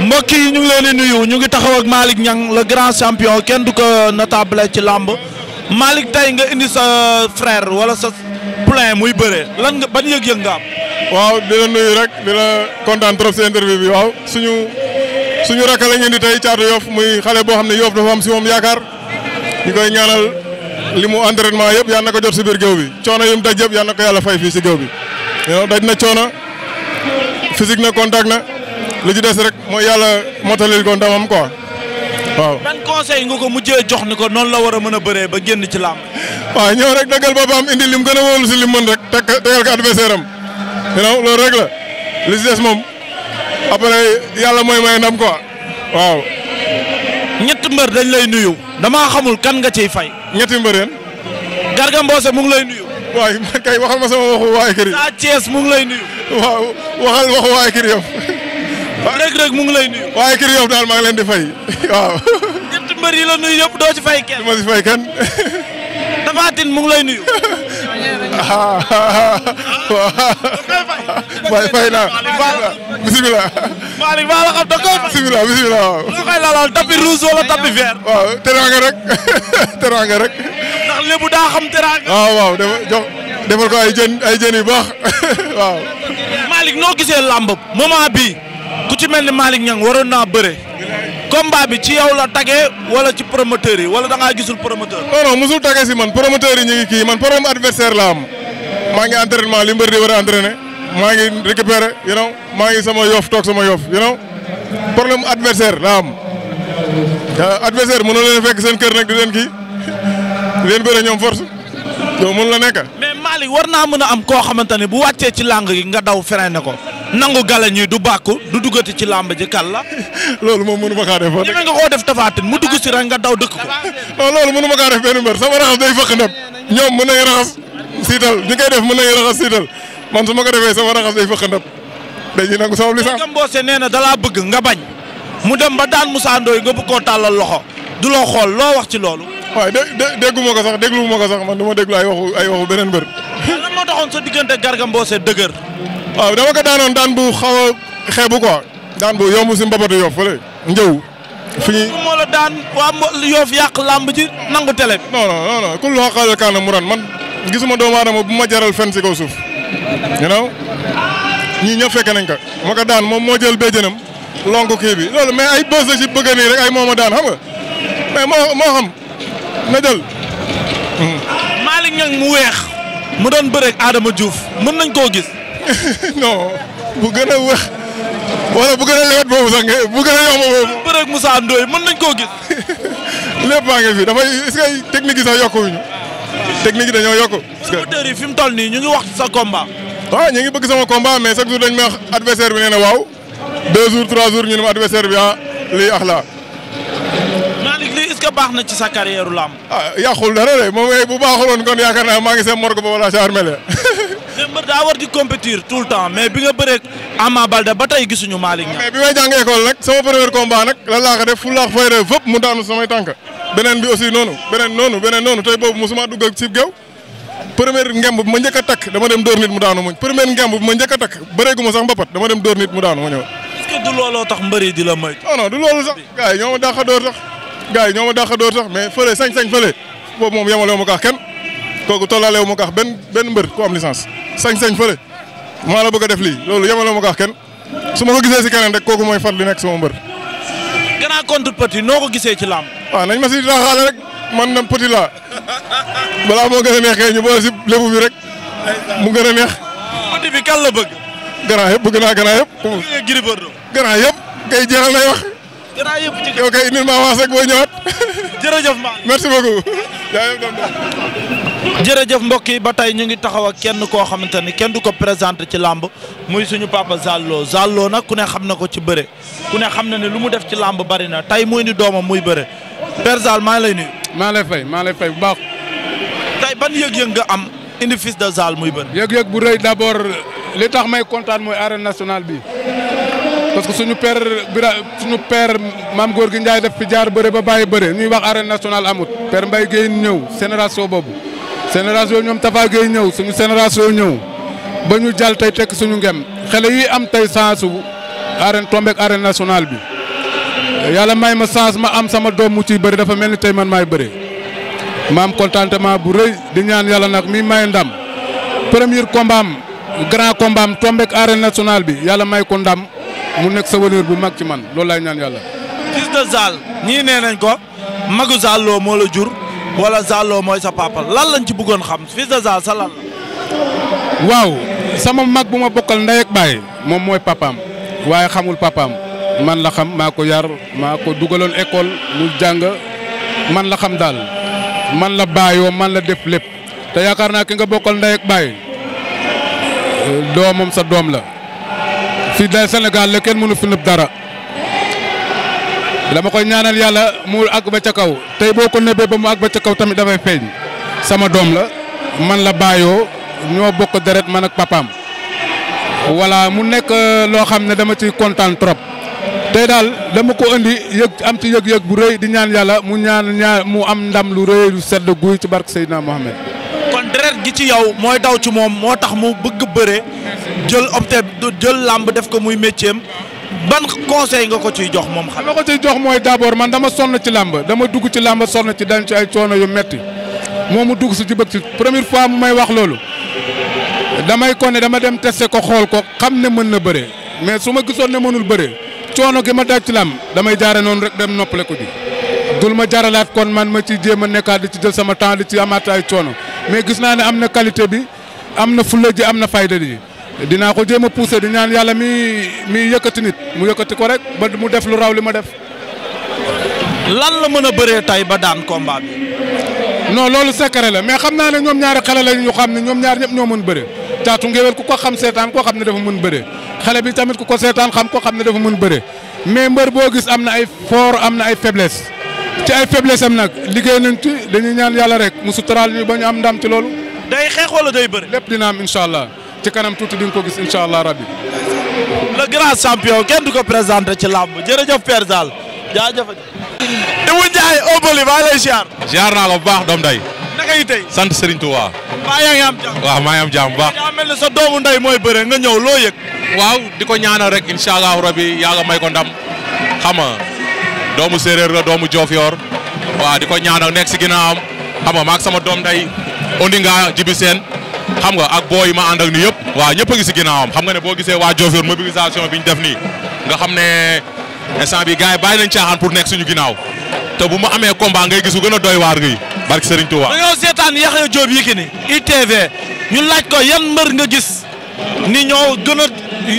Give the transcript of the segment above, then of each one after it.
mbokk yi ñu ngi leen di nuyu ñu ngi taxaw ak Malick Niang le grand champion kenn du ko notable ci làmb Malick tey nga indi sa frère wala sa plein muy bëre lan nga ban yëg-yëg nga am. waaw di la nuyu rek di la kontaan trop si interview bi waaw suñu suñu rakk la ngeen tey caatu Yoff muy xale boo xam ne Yoff dafa am si moom yaakaar ñu koy ñaanal li mu entraînement yëpp yal na ko jot si biir géew bi coono yi mu daj yëpp yal na ko yàlla fay fii si géew bi. yow daj na coono physique li ci des rek mooy yàlla motalil ko ndamam quoi waaw. ban conseil nga ko mujjee jox ni ko noonu la war a mën a bëree ba génn ci làmb. waaw ñëw rek dëggal boppam indi mu gën a wóolu si lim mën rek teg tegal ko adversaire loolu rek la li des moom après yàlla mooy may ndam quoi waaw. ñetti mbër dañ lay nuyu. damaa xamul kan nga ciy fay. ñetti mbër yéen. Garga Mbossé mu lay nuyu. waay kay waxal ma sama waxu waay kër yi. Sa lay nuyu. waaw waxal waxu waay Reug Reug mu lay nuyu. waaye kër Yoff daal maa ngi leen di fay waaw. ñett la nuyu yëpp doo ci fay kenn. du ma lay nuyu. waaw fay naa. bisimilah. Malick maa la xam da koy fay. bisimilah waaw. da koy lalal tapis rouge wala tapis vert. waaw teraanga rek teraanga rek. ndax daa xam teraanga. waaw waaw dafa jox defal ko ay jën ay jën yu baax waaw. Malick noo gisee làmb moment bii. ku ci mel ni Malick Niang waroon naa bëre. combat bi ci yow la tagee wala ci promoteur yi wala da gisul promoteur. non non mosul tagee si man promoteur yi ñu ngi kii man problème adversaire la am maa ngi entraînement li mbër di war a entraîné maa ngi récupéré you maa ngi sama yof toog sama yof you know problème adversaire la am euh, adversaire mënoo leen fekk seen kër nag di leen kii di leen bëre ñoom force doo mën la nekk. mais Malick war naa mën a am koo xamante ne bu wàccee ci làng gi nga daw freiné ko. nangu gala ñuy du bàkku du duggati ci làmb ji kal la. loolu moom mënu ma kaa def. ñeme nga koo def tafaatin mu dugg si rek nga daw dëkk ko. loolu mënu ma kaa def benn mbër sama raxas day fëq ndab ñoom mën nañu raxas siital ñu koy def mën nañu raxas siital man su ma ko defee sama raxas day fëq ndab dañuy nangu sama lisaan. Garga Mbossé nee na dalaa bëgg nga bañ mu dem ba daan Moussa Ndoye nga bëgg tàllal loxo du loo xool loo wax ci loolu. waaye dé dé déggu ko sax déglu ma ko sax ma déglu ay waxu ay waxu beneen mbër. lan sa diggante Garga Mbossé dëgër waaw dama ko daanoon daan bu xaw a xeebu quoi daan bu yomb si mbabatu Yoff fële njëw. fi ñuy moo daan waa Yoff yàq làmb ci nangu télé bi. non non non kullu xaqal kaana man gisuma doomu aadama bu ma jaral fenn si kaw suuf. fekke nañ ko ma ko moo jël béjjënam lonku kii bi loolu mais ay bës si bëgg rek ay moom a daan xam nga mais moo moo xam na jël. Malick Niang mu weex mu doon bëreeg aadama Diouf mën nañ koo gis. non bu gën a wax wala bu gën a lewet boobu sax nga bu gën a yomb boobu. bëreeg Moussa Ndoye mën nañ koo gis. lépp maa ngi fi dafay est-ce technique yi sax yokkuwuñu technique yi dañoo yokku. parce que promoteurs fi mu toll nii ñu ngi wax sa combat. waaw ñu ngi bëgg sama combat mais chaque jour dañ ma wax bi nee na waaw deux jours trois jours ñu ne ma bi ah lii ax laa. Malick lii est-ce que baax na ci sa carrière lamb. ah yàqul dara de moom bu baaxuloon kon yaakaar naa maa ngi seen morgue ba wala gendarmerie. mbër daa war di compétir tout le temps mais bi nga bëree Ama Baldé ba tey gisuñu Malick Niang. mais bi may jàng école nag sama premier combat nag lan laa fu laa ko fay ree mu daanu samay tànk beneen bi aussi noonu beneen noonu beneen noonu tey boobu musuma dugg si géew première ngemb bi ma njëkk a takk dama dem dóor nit mu daanu ma première ngemb bi ma njëkk a takk bëreegu ma sax mbapat dama dem dóor nit mu daanu ma ñëw. est-ce du looloo tax mbëri di benn benn mbër sañ-sañ fële maa la bëgg a def lii loolu yemale ma ko kenn su ma ko gisee si keneen rek kooku mooy far li nekk sama mbër. grand contre petit noo ko gisee ci làmb. waaw nañ ma si daaxaale rek man na petit laa balaa moo gën a neex kay ñu boole si lébu bi rek mu gën a neex. petit bi kan la bëgg. grand yëpp bëgg naa grand yëpp. grand yëpp kay jeexal nay wax. gannaaw yëpp ci yow kay indil ma avance rek boo ñëwaat. jërëjëf ma merci beaucoup. jërëjëf mbokk yi ba tey ñu ngi taxaw ak kenn koo xamante ni kenn du ko présenté ci làmb muy suñu papa Zallo Zallo nag ku ne xam na ko ci bëre ku ne xam na ne lu mu def ci làmb bari na tey muy ni doomam muy bëre Père Zal maa ngi lay nuyu. maa lay fay maa lay fay bu baax. tey ban yëg-yëg nga am indi fils de Zal muy bëre. yëg-yëg bu rëy d'abord li tax may kontaan mooy arène nationale bi parce que suñu père bira suñu père maam góor gi Ndiaye def fi jaar bëre ba bàyyi bëre ñuy wax arène nationale amut père Mbaye Guèye ñëw génération boobu génération ñoom Tafa Guèye ñëw suñu génération ñëw ba ñu jàll tey tekk suñu ngem xele yi am tey chance bu arène tombé ak arène bi yàlla may ma chance ma am sama doom mu ciy bëri dafa mel ni tey man maay bëre ma am contentement bu rëy di ñaan yàlla nag mi may ndam premier grand combat am bi mu nekk sa souvenir bu mag ci man loolu laay ñaan yàlla. fils de Zal ñii nee nañ ko magu Zal Lo moo la jur wala Zal Lo mooy sa papa lan lañ ci bëggoon xam fils de Zal sa lan waaw sama mag bu ma bokkal ndey ak baay moom mooy papaam waaye xamul papaam man la xam maa ko yar maa ko dugaloon école mu jàng man la xam daal man la baayoo man la def lépp te yaakaar naa ki nga bokkal ndey ak baay euh, doomam sa doom la. fii dal Sénégal la kenn mënu fi nëb dara dama koy ñaanal yàlla mu àgg ba ca kaw tey boo ko nëbbee ba mu àgg ba ca kaw tamit dafay feeñ sama doom la man la bàyyoo ñoo bokk deret man ak papaam voilà mu nekk euh, loo xam ne dama ci kontaan trop tey daal dama ko indi yëg am ci yëg-yëg bu rëy di ñaan yàlla mu ñaan ñaan mu am ndam lu rëy lu sedd guy ci barke Seydina Mohamed. kon deret gi ci yow mooy daw ci moom moo tax mu bëgg bëre jël opté jël làmb def ko muy métier ban conseil nga ko ciy jox moom xam nga ko ciy jox mooy d'abord man dama sonn ci làmb dama dugg ci làmb sonn ci dañ ci ay coono yu metti moom mu dugg si ci bëgg si première fois mu may wax loolu damay ko dama dem testé ko xool ko xam ne mën na bëre mais su ma gisoon ne mënul bëre coono gi ma daj ci làmb damay jaare noonu rek dem noppale ko ji dul ma jaralaat kon man ma ci jéem a nekkaat di ci jël sama temps di ci amaat ay coono mais gis naa ne am na qualité bi am na fulla ji am na fayda dinaa ko jéem a poussé di ñaan yàlla mi mi yëkkati nit mu yëkkati ko rek ba du mu def lu raw li ma def. lan la mën a bëree tey ba daan combat bi. non loolu secret la mais xam naa ne ñoom ñaari xale la ñu xam ne ñoom ñaari ñëpp ñoo mën bëre caatu ngéwél ku ko xam seetaan koo xam ne dafa mën bëre xale bi tamit ku ko seetaan xam koo xam ne dafa mën bëre mais mbër boo gis am na ay foor am na ay faiblesse ci ay faiblesse am nag liggéey nañ ci dañuy ñaan yàlla rek mu suturaal ñu ba ñu am ndam ci loolu. day xeex wala day bëre. lépp dina am allah. ci kanam tuuti di ko gis incha allah rabbi. le grand champion kenn du ko présenté ci làmb jërëjëf Père Sall jaajëf. Ibou Ndiaye Obali maa lay ziar. ziar naa la bu baax doom day. naka sant Serigne Touba. maa maa ngi am jàmm bu baax. yaa sa doomu nday mooy bëre nga ñëw loo yëg. waaw di ko ñaanal rek incha allah rabbi yaa nga may ko ndam xam nga doomu séeréer la doomu Diofior waaw di ko ñaanal nekk si ginnaawam xam nga maak sama doom nday Ondinga Jibi xam nga ak boo ma ànd ak nii yëpp waaw ñëpp a ngi si ginnaawam xam nga ne boo gisee waa Diofior mobilisation bi ñu def nii nga xam ne instant bi gars yi bàyyi nañ caaxaan pour nekk suñu ginnaaw te bu mu amee combat ngay gis ku gën a doy waar ngay barki Serigne Touba. dañoo seetaan Yaxya Diop Yékini ITV ñu laaj ko yan mbër nga gis ni ñoo gën nu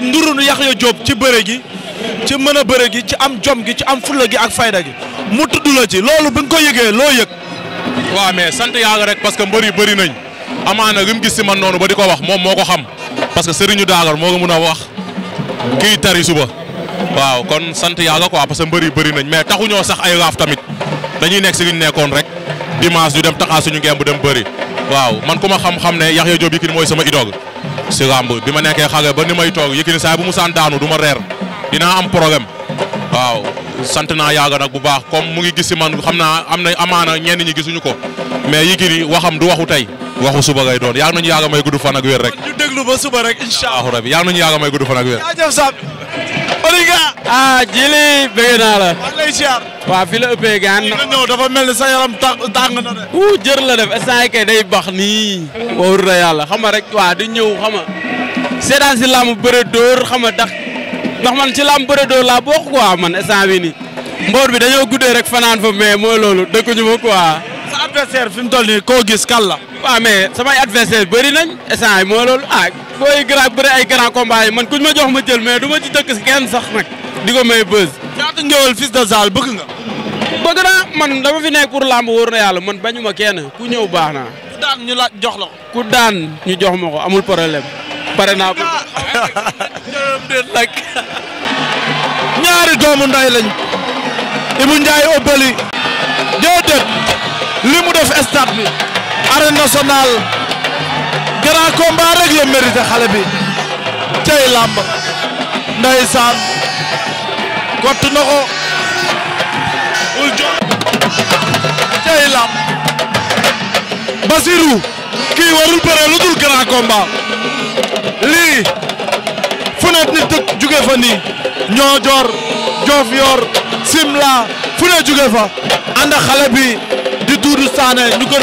nduru Yaxya Diop ci bëre gi ci mën a bëre gi ci am jom gi ci am fulla gi ak fayda gi mu tudd la ci loolu bi nga ko yëgee loo yëg. waaw mais sant yàlla rek parce que mbër yi bëri nañ. amaana li mu gis si man noonu ba di ko wax moom moo ko xam parce que sëriñu Daagor moo ko mën a wax kii tari suba waaw kon sant yàlla quoi parce que mbër yi bëri nañ mais taxuñoo sax ay raaf tamit dañuy nekk si li ñu nekkoon rek dimanche ñu dem taxaa suñu ngemb dem bëri waaw man ku ma xam-xam ne Yaxya Joob Yékini mooy sama idole si làmb bi ma nekkee xale ba ni may toog Yékini saa bu mu saan daanu du ma reer dinaa am problème waaw sant naa yàgg nag bu baax comme mu ngi gis si man xam naa am na amaana ñenn ñi gisuñu ko mais Yékini waxam du waxu tey waxu suba ngay doon yaa nañu yaaga may gudd fan ak wér rek. ñu déglu ba suba rek incha allah rabi yaa nañu yaaga may gudd fan ak wér. Ah, jili bëgg naa la. la ëppee gaan. nga dafa mel ni sa yaram tàng na de. wuu jër la def instant kay day bax nii. wóor na yàlla xam rek waa di ñëw xam nga. seetaan si làmb bëre dóor xam nga ndax man ci làmb bëre dóor laa bokk quoi man instant bi nii. mboor bi dañoo guddee rek fanaan fa mais mooy loolu dëkkuñu ma quoi. adversaire fi mu toll nii koo gis kan la. waaw mais samay adversaire bëri nañ instant yi mooy loolu ah booy grand bëri ay grand combat ma jox ma mais du ma ci dëkk si kenn sax nag. di ko may buzz. ñaata ngéwél fils de Zal bëgg nga. bëgg naa man dama fi nekk pour làmb wóor na yàlla man bañu ma kenn ku ñëw baax naa. ku daan ñu la jox la ko. daan ñu jox ma ko amul problème. pare naa ko. ñaari doomu nday lañ. Ibou Ndiaye Obali. déedéet. li mu def stade bi arène nationale grand combat rek mérité xale bi cay làmb ndeysaan kott na ko bul jox cay làmb Basirou kii warul bëre lu dul grand combat lii fu ne nit tëg jóge fa nii ñoo jor Simla fu ne jóge fa ànd xale bi Doudou Sané ñu gën